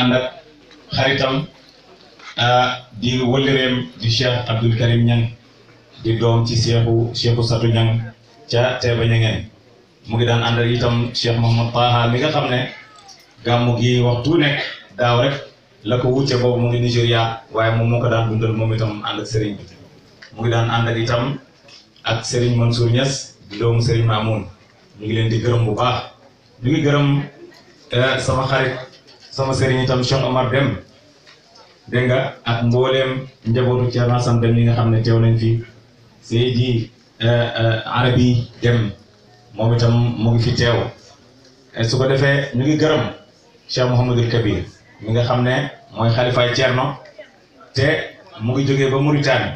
ànd ak xaritam di wëllëreem di Cheikh Abdoul Karim Niang di doom ci Cheikhu Cheikhu Sadou Niang ca Teeba Niangeen mu ngi daan ànd ak itam Cheikh Mouhamad Taha mi nga xam ne gàmmu gi wax waxtu nekk daaw rek la ko wucce boobu mu ngi Nigéria waaye moom moo ko daan dundal moom itam ànd ak mu ngi daan ànd ak itam ak Serigne Mansour Niass di doomu Serigne Mamoun ñu ngi leen di gërëm bu baax ñu ngi gërëm eh, sama xarit. sama sëriñ itam Cheikh Omar Dem dégg nga ak mbooleem njabootu Thierno Assane Dem yi nga xam ne teew nañ fi Seydi euh, euh, Arabi Dem moom itam mu ngi fi teew su ko defee ñu ngi gërëm Cheikh Mouhamadul Kabir mi nga xam ne mooy xalifaay Thierno te mu ngi jógee ba Mauritanie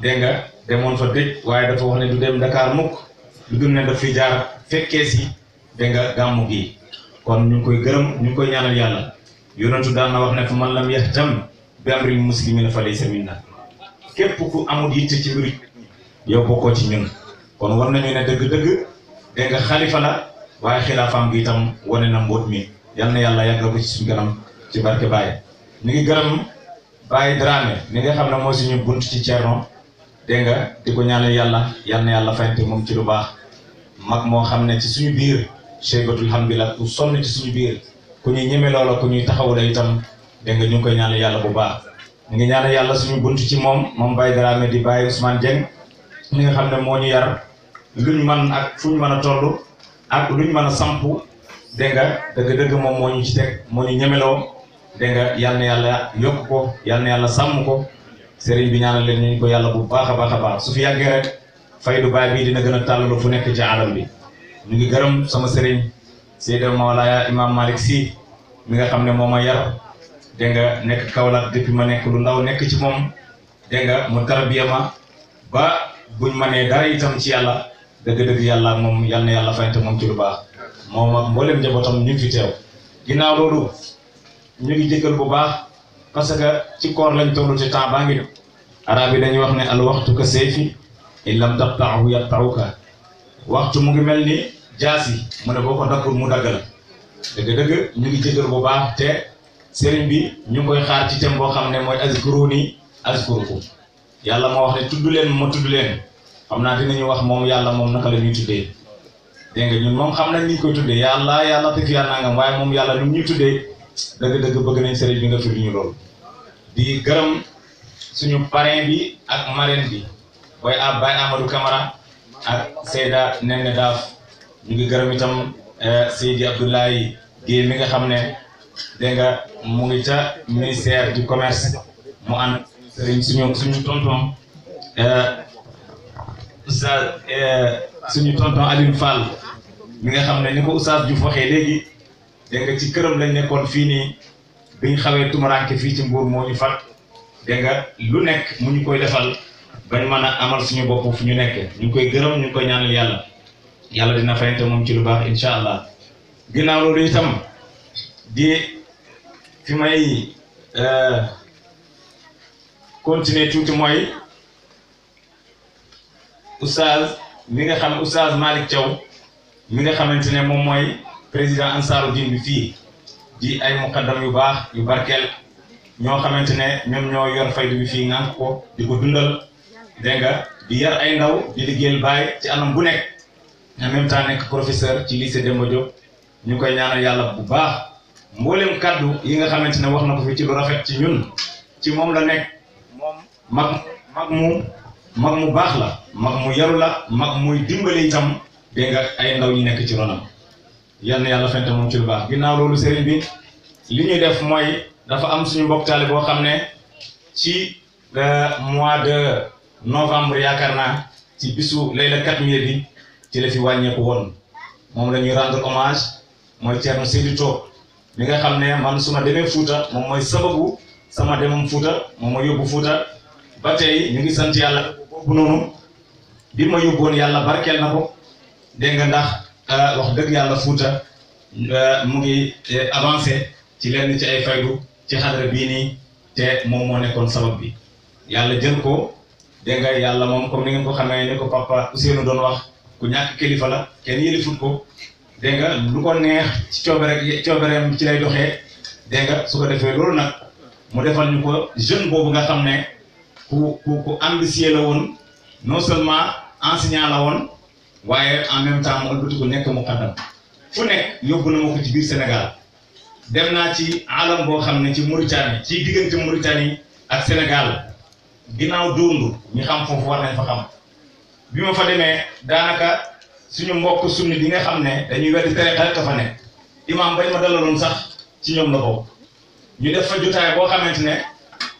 dégg nga demoon fa dëj waaye dafa wax ne du dem Dakar mukk lu dul daf fi jaar fekkee si dégg nga gàmmu gi kon ñu ngi koy gërëm ñu ngi koy ñaanal yàlla yonentu daan na wax ne fa man lam yahtam bi amril muslimina fa laysa minna képp ku amul yitte ci mbir yow bokkoo ci ñun kon war nañu ne dëgg-dëgg dégg nga xalifa la waaye xilaafaam gi itam wane na mbóot mi yal na yàlla yàggal ko ci suñu kanam ci ngi gërëm Baye Dramé ni nga xam ne mooy suñu bunt ci Thierno nga di ko yàlla yal na yàlla fayante moom ci lu baax mag moo xam ne ci suñu biir. Seybatul Hamdila ku sonn suñu biir ku ñuy ñeme loola ku ñuy taxaw la itam dégg nga ñu ngi koy ñaanal yàlla bu baax ñu ngi ñaanal yàlla suñu bunt ci moom moom Baye Dramé di Baye Ousmane Dieng mi nga xam ne moo ñu yar luñ man ak fuñ mën a toll ak luñ mën a sampu dégg dëgg-dëgg moom moo ñu ci teg moo ñu ñemeloo dégg nga yàlla yokk ko yal yàlla sàmm ko sëriñ bi ñaana leen ñu ko yàlla bu baax a baax a baax su fi yàggee rek faydu baay bii dina gën a fu nekk ci bi ñu ngi gërëm sama sëriñ Seydou Mawlaaya Imam Malick si mi nga xam ne moo ma yar dégg nga nekk Kaolack depuis ma nekk lu ndaw nekk ci moom dégg nga mu tarbiya ma ba buñ ma nee dara itam ci yàlla dëgg-dëgg yàlla moom yal na yàlla fayante moom ci lu baax moom ak mboolem njabootam ñu ngi fi teew ginnaaw loolu ñu ngi jëkkal bu baax parce que ci koor lañ toll ci temps baa ngi dem arab yi wax ne al waxtu ka sayfi in lam taqtaahu yaqtauka waxtu mu ngi mel jaas yi mu ne boo ko dakkul mu dagg la dëgg-dëgg ñu ngi bu baax te sëriñ bi ñu koy xaar ci thème boo xam ne mooy azkuruni azkurkum yàlla moo wax ne tudd leen ma tudd leen xam naa dinañu wax moom yàlla moom naka la ñuy tuddee dégg nga ñun moom xam nañ ni ñu koy tuddee yàlla yàlla tëgg nangam waaye moom yàlla nu ñuy tuddee dëgg-dëgg bëgg nañ sëriñ bi nga firi ñu loolu di gërëm suñu parrain bi ak marraine bi booy ab Baye Amadou Camara ak Seyda Nene Daaf ñu ngi gërëm itam eh, Seydi Abdoulaye Guèye mi nga xam ne dégg mu ngi ca ministère du commerce mu ànd sëriñ suñu suñu tonton eh, oustaz eh, suñu tonton Alioune Fall mi nga xam ne ni ko oustaz Diouf waxee léegi dégg nga ci këram lañ nekkoon fii nii biñ xawee tumuranke fii ci Mbour moo ñu fat dégg lu nekk mu ñu koy defal bañ mën a amal suñu bopp fu ñu nekk ñu ngi koy gërëm ñu ngi ñaan ñaanal yàlla yàlla dina fayante moom ci lu baax incha allah ginnaaw loolu itam di fi may euh, continuer tuuti mooy oustaz mi nga xam oustaz Malick Thiaw mi nga xamante ne moom mooy président ansaaru din bi fii di ay muqaddam yu baax yu barkeel ñoo xamante ne ñoom ñoo yor faydu bi fii ngànk ko di ko dundal dégg di yar ay ndaw di liggéeyal baay ci anam bu nekk en même temps nekk professeur ci lycée Demba Diop ñu koy ñaanal yàlla bu baax mboolem kàddu yi nga xamante ne wax na ko fi ci lu rafet ci ñun ci moom la nekk moom mag mag mu baax la mag mu yaru la mag muy dimbali itam dégg nga ay ndaw ñi nekk ci ronam yal yàlla fente moom ci lu baax ginnaaw loolu sëriñ bi li ñuy def mooy dafa am suñu mbokk taale boo xam ne ci euh, mois de novembre yaakaar naa ci bisu layla katmiya bi ci la fi wàññeeku woon moom la ñuy rendre mooy Thierno Seydou Top mi nga xam ne man su ma demee Fuuta moom mooy sababu sama demam Fuuta moom mooy yóbbu Fuuta ba tey ñu ngi sant yàlla boobu noonu bi ma yóbboon yàlla barkeel na ko dégg nga ndax euh, wax dëgg yàlla Fuuta euh, mu ngi euh, avancé ci lenn ci ay faydu ci xadra bii nii te moom moo nekkoon sabab bi yàlla jël ko dégg nga yàlla moom comme ni ngeen ko xamee ni ko papa Ousseynou doon wax. ku ñàkk kilifa la kenn yëlifut ko dégg nga lu ko neex ci coobere coobereem ci lay doxee dégg nga su ko defee loolu nag mu defal ñu ko jeune boobu nga xam ne ku ku ku la woon non seulement enseignant la woon waaye en même temps mu ëlbatiku nekk mu xaddam fu nekk yóbbu na ma ko ci Sénégal dem naa ci alam boo xam ne ci Mauritanie ci diggante Mauritanie ak Sénégal ginnaaw dóondu ñu xam foofu war fa xam bi ma fa demee daanaka suñu mbokk sunni bi nga xam ne dañuy weddi tere xarit fa nekk imaam bañ ma dalaloon sax ci ñoom la bokk ñu def fa jotaay boo xamante ne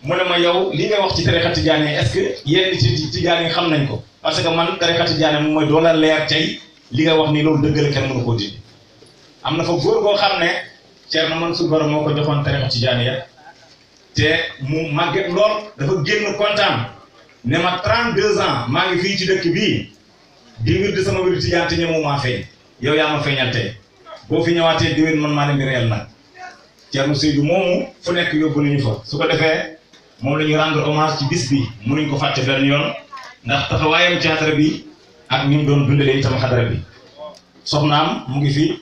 mu ne ma yow li ngay wax ci tarixa tijaane est-ce que yenn ci tijaane xam nañ ko parce que man tarixa tijaane moom mooy doon a leer tey li nga wax ni loolu dëgg kenn mënu koo dindi am na fa góor boo xam ne Thierno Mansour Baro moo ko joxoon tarixa tijaane ya te mu màgget lool dafa génn kontaan. ne ma 32 ans maa ngi fii ci dëkk bii di wir di sama wir te ñemumaa feeñ yow yaa ma feeñal tey boo fi ñëwaatee diwén man maa ne mi réel nag Thierno Seydou moomu fu nekk yóbbu nañu fa su ko defee moom lañuy ñu rendre hommage ci bis bi mënuñ ko fàtte benn yoon ndax taxawaayam ci xadara bi ak ni mu doon dundalee itam xadara bi soxnaam mu ngi fi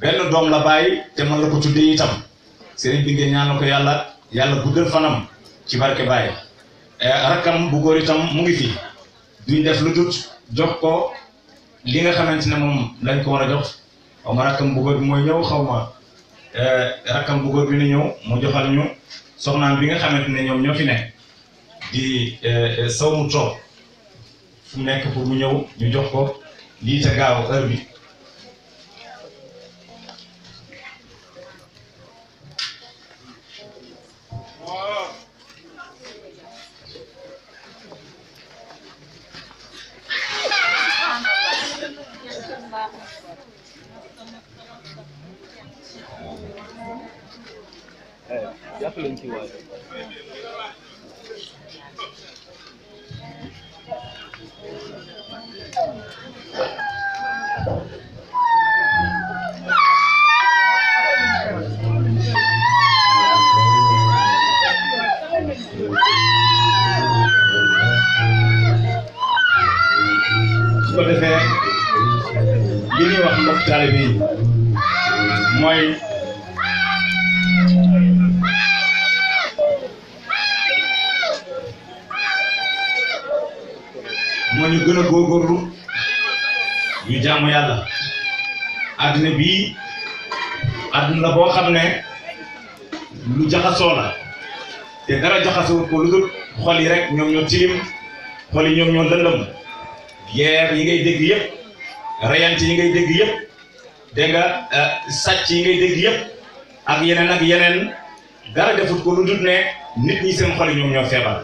benn doom la bàyyi te mën la ko tuddee itam sëriñ bi ngeen ñaan ko yàlla yàlla guddal fanam ci barke Baye. E, rakkam bu góor itam mu ngi fi duñ def lu dut jox ko li nga xamante ne moom lañ ko war a jox xaw ma rakkam bu góor bi mooy ñëw xaw ma e, rakkam bu góor bi ne ñëw mu joxal ñu soxnaam bi nga xamante ne ñoom ñoo fi ne di e, saw mu toog fu mu nekk mu ñëw ñu jox ko lii te gaaw heure bi twenty one jaamu yàlla àdduna bii àdduna boo xam ne lu jaxasoo la te dara jaxasoo ko lu yi rek ñoom ñoo tilim xol yi ñoom ñoo lëndëm guerre yi ngay dégg yëpp rayante yi ngay dégg yëpp dégg nga euh, sàcc yi yëpp ak yeneen ak yeneen dara defut ne nit ñi seen xol yi ñoom ñoo feebar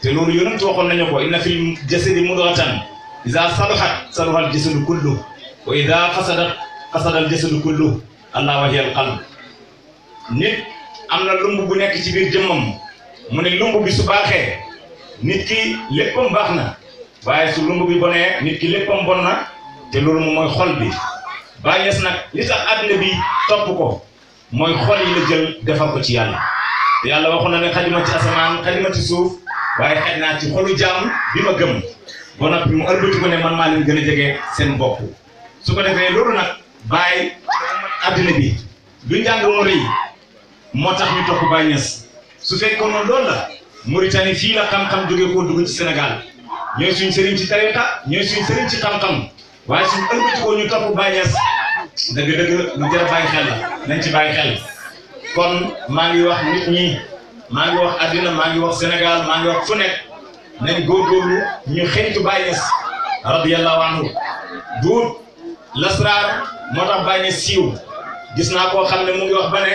te loolu yonent waxoon nañu ko inna fil jasadi mudghatan ida saluhat saluhal jasadu kullu wa ida fasadal jasadu kullu allah wahiyal qalb nit am na lumb bu nekk ci biir jëmmam mu ne lumb bi su nit ki léppam baax na waaye su lumb bi bonee nit ki léppam bon na te loolu moom mooy xol bi Baay Ñas nag li tax àddina bi topp ko mooy xol yi la jël defal ko ci yàlla yàlla waxoon na xajuma ci asamaan xajuma ci suuf waaye xaj naa ci xolu jaam bi ma gëm ba noppi mu ëlbati ko ne man maa leen gën a jege seen bopp su ko defee loolu nag bàyyi addina bi du jàng mori moo tax ñu topp Baye Niass su fekkoon noonu loolu la Mauritanie fii la xam-xam jóge koo dugg ci Sénégal ñooy suñ sëriñ ci tariqa ñooy suñ sëriñ ci xam-xam waaye suñ ëlbati ko ñu topp Baye Niass dëgg-dëgg lu xel la nañ ci bàyyi xel kon maa ngi wax nit ñi maa ngi wax addina maa ngi wax Sénégal maa ngi wax fu nekk nañ góorgóorlu ñu xeeñtu Baay Ñas radiyallahu anhu duut lasraar moo tax Baay Ñas siiw gis naa koo xam ne mu ngi wax ba ne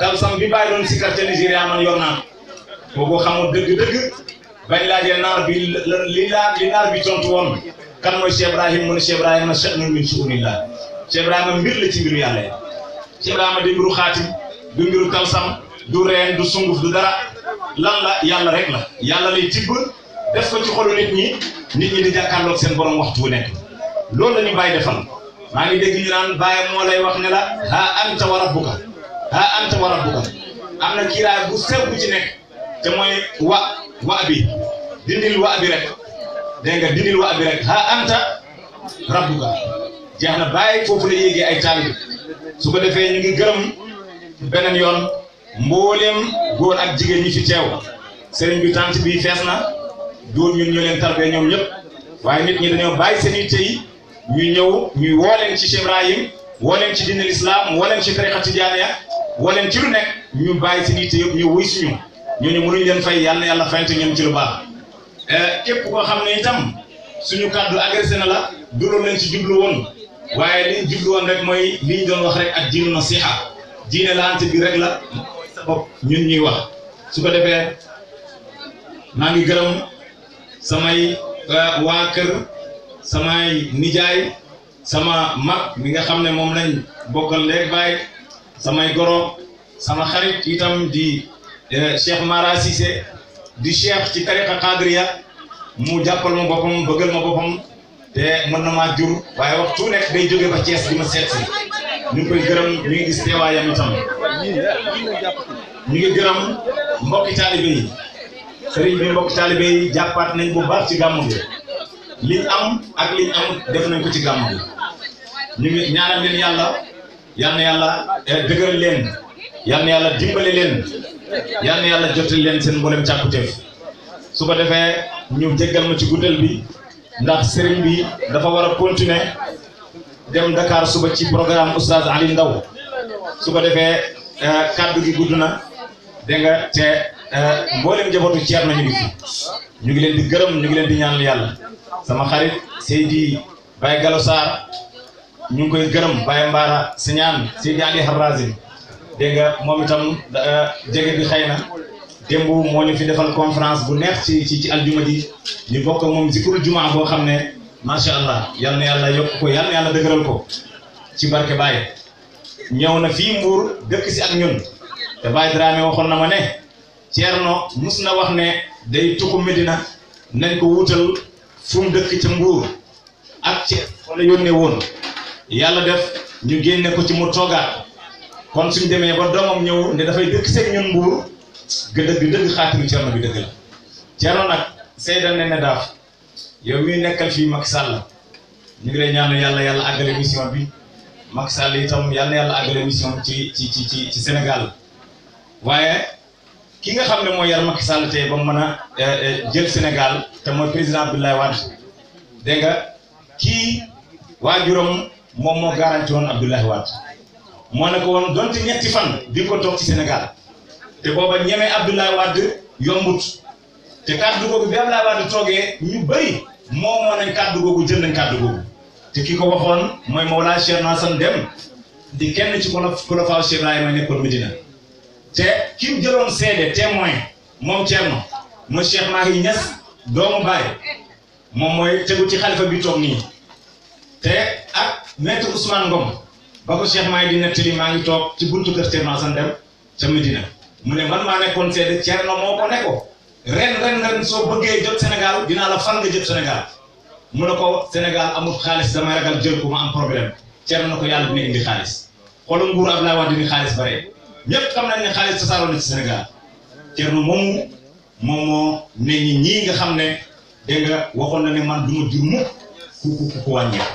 kalsam bi bàyyi doon si carte Nigéria man yor naa kooku xamul dëgg-dëgg bañ laajee naar bi li naar li naar bi tontu woon kan mooy Cheikh Ibrahim mu ne Cheikh Ibrahima sha'nun min shu'unillah Cheikh Ibrahima mbir la ci mbiru yàlla yi Cheikh Ibrahima di mbiru xaatim du mbiru kalsam du reen du sunguf du dara lan la yàlla rek la yàlla lay def ko ci xolu nit ñi nit ñi di jàkkaarloog seen borom waxtu nekk loolu la ñu bàyyi defal maa ngi dégg ñu naan moo lay wax ne la ha anta wa rabbuka ha anta wa rabbuka am na kiiraay bu sew ci nekk te wa wa bi dindil wa bi rek dégg nga dindil wa bi rek ha anta rabbuka jeex na bàyyi foofu la yéegee ay taalibe su ko defee ñu ngi gërëm beneen yoon mbooleem góor ak jigéen ñi fi teew sëriñ bi tànt bi fees na. doon ñun ñoo leen tarbee ñoom ñëpp waaye nit ñi dañoo bàyyi seen yitte yi ñu ñëw ñu woo leen ci Cheikh Ibrahim woo leen ci diinul islam woo leen ci tariqa tijaaniya woo leen ci lu nekk ñu bàyyi seen yitte yëpp ñu wuy suñu ñooñu mënuñ leen fay yàlla yàlla fayante ñoom ci lu baax eh, képp koo xam ne itam suñu kàddu agressé na la duloon leen ci jublu woon waaye liñ jublu woon rek mooy liñ doon wax rek ak diinu nasiha diine laante bi rek la mooy sa ñuy wax su samay euh, waa kër samay nijaay sama mag mi nga xam ne moom lañ bokkal léeg baay samay goro sama xarit itam di euh, Cheikh Mara di Cheikh ci tariqa Qadriya mu jàppal ma boppam bëggal ma boppam te mën na maa jur waaye waxtu nekk day jóge ba Thiès di ma seet si ñu ngi koy gërëm ñu ngi gis teewaayam itam ñu ngi gërëm mbokki taalibe yi sëriñ bi mbokk taalibe yi jàppaat nañ bu baax ci gàmmu bi liñ am ak liñ amut def nañ ko ci gàmmu bi ñu ngi ñaanal leen yàlla yal na yàlla eh, dëgëral leen yàlla dimbale leen yal na yàlla jotal leen seen mboolem càkkuteef su ko defee ñu jéggal ma ci guddal bi ndax sëriñ bi dafa war a continuer dem Dakar suba ci programme Oustaz Ali Ndaw su ko defee eh, kàddu gi gudd na dégg nga Euh, mboolem njabootu Ceerno ñu ngi fi ñu ngi leen di gërëm ñu ngi leen di ñaanal yàlla sama xarit di Baye Gallo Sarr ñu ngi koy gërëm Baye Mbara Siñaan Seydi Ali Harrazim dégg nga moom itam euh, jege bi xëy na démb moo ñu fi defal conférence bu neex ci ci ci aljuma ñu bokk moom zikrul jumaa boo xam ne macha allah yal na yàlla yokk ko yal na yàlla dëgëral ko ci barke Baye ñëw na fii Mbuur dëkk si ak ñun te Baye Dramé waxoon na ma ne. Thierno mus na wax ne day tuxu Medina nañ ko wutal fu mu dëkk ca Mbuur ak Thiès yónnee woon yàlla def ñu génne ko ci mu toogaat kon suñ demee ba doomam ñëw ne dafay dëkk seeg ñun Mbuur dëgg dëgg xaatimu Thierno bi dëgg la Thierno nag seydal ne ne daaf yow miy nekkal fii Macky Sall ñu ngi lay ñaanu yàlla yàlla àggale mission bi Macky Sall itam yàlla yàlla àggale mission ci ci ci ci Sénégal waaye. ki nga xam ne moo yar Macky Sall tey ba mu mën a eh, eh, jël Sénégal te mooy président Abdoulaye Wade dégg nga kii waajuram moom moo garanti woon Abdoulaye Wade moo ne ko woon donte ñetti fan di ko toog ci Sénégal te booba ñeme Abdoulaye Wade yombut te kàddu googu bi Abdoulaye Wade toogee ñu bëri moo moo nañ kàddu googu jël nañ kàddu googu te ki ko waxoon mooy Mawlana Cheikh Nassane Deme di kenn ci kolo kolofaaw Cheikh Ibrahima nekkoon Medina. te ki mu jëloon seede témoin moom Thierno mu Cheikh Mahi Niass doomu Baye moom mooy tegu ci te ak maître Ousmane Ngom ba ko Cheikh Mahi maa ngi toog ci buntu kër Thierno Assane mu ne man maa nekkoon seede Thierno moo ko nekkoon ren ren ren soo bëggee jot Sénégal dinaa la fan nga mu ne ko Sénégal amul xaalis damay ragal jël ko ma am problème Thierno na ko yàlla dina indi xaalis xoolal nguur Abdoulaye Wade dina xaalis bare. ñëpp xam nañ ne xaalis tasaaroo na ci Sénégal Thierno moomu moom moo ne ñi ñii nga xam ne dégg nga waxoon na ne man du ma jur mukk ku ku ku wàññeeku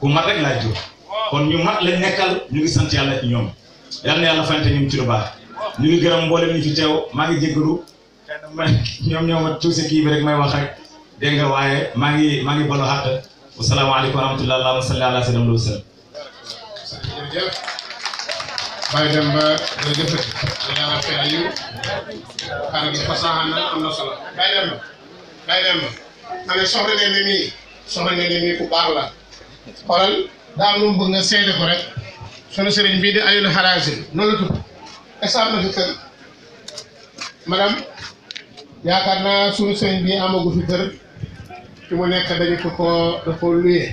ku mat rek laa jur kon ñu mat lañ nekkal ñu ngi sant yàlla ci ñoom yal na yàlla fayante ñu ci lu baax ñu ngi gërëm mboolem ñu fi teew maa ngi jéggalu ñoom ñoo ma tuuti kii bi rek may wax rek dégg nga waaye maa ngi maa ngi bolo xàq wasalaamaaleykum wa rahmatulah wa salli ala sallam Baye Demba jërëjëfati na yàlla fay ayu xanaa gi na am na solo Baye Demba Baye Demba ma ne soxla ngeen ne nii soxla ngeen ne nii ku baax la xoolal daal mu bëgg nga seede ko rek sunu sëriñ bii di Alioune Harazim noonu la tudd na fi kër madame yaakaar naa sunu sëriñ bii amagu fi kër fi mu nekk dañu ko ko dafa luyee